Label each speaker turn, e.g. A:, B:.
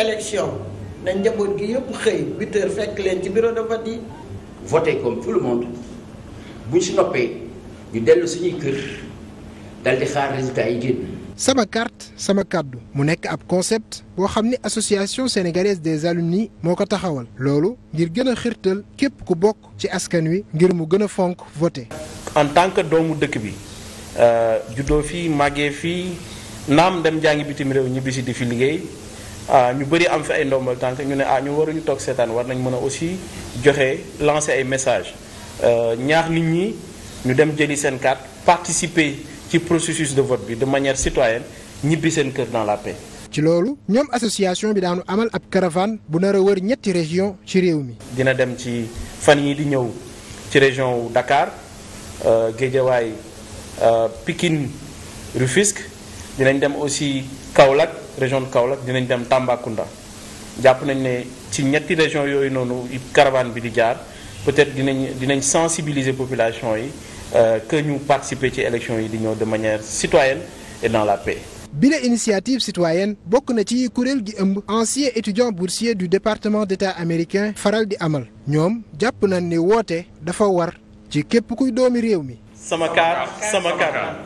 A: élection nañ njaboot gi yëpp xëy 8 fekk leen ci bureau de vote comme tout le monde buñ si noppee ñu dellu suñuy kër dal xaar résultat yi génn.
B: sama carte sama kàddu mu nekk ab concept boo xam ni association sénégalaise des alumni moo ko taxawal loolu ngir gën a xirtal képp ku bokk ci askan wi ngir mu gën a fonk voté.
A: en tant que doomu dëkk bi euh, juddoo fii màggee fii naam dem jàngi bitim réew ñibbisi di fi liggéey. Ah, ñu bëri am fi ay ndombal tànk ñu ne ah ñu waruñu toog seetaan war nañ mën a aussi joxe lancer ay message euh, ñaax nit ñi ñu dem jëli seen carte participer ci processus de vote bi de manière citoyenne ñibbi seen kër dans la paix.
B: ci loolu ñoom association bi daanu amal ab caravane bu nar a wër ñetti région ci réew mi.
A: dina dem ci fan yi di ñëw ci région wu Dakar euh, Guédiawaye euh, pikin Rufisque dinañ dem aussi Kaolack. région de Kaolack dinañ dem Tambacounda jàpp nañ ne ci ñetti région yooyu noonu caravane bi di jaar peut-être dinañ dinañ sensibiliser population yi euh, que ñu participer ci élection yi di ñëw de manière citoyenne et dans la paix.
B: bile initiative citoyenne bokk na ci kuréel gi ëmb ancien étudiant boursier du département d'état américain faral di amal ñoom jàpp nañ ni woote dafa war ci képp kuy doomi réew mi.
A: sama kaar sama kaar.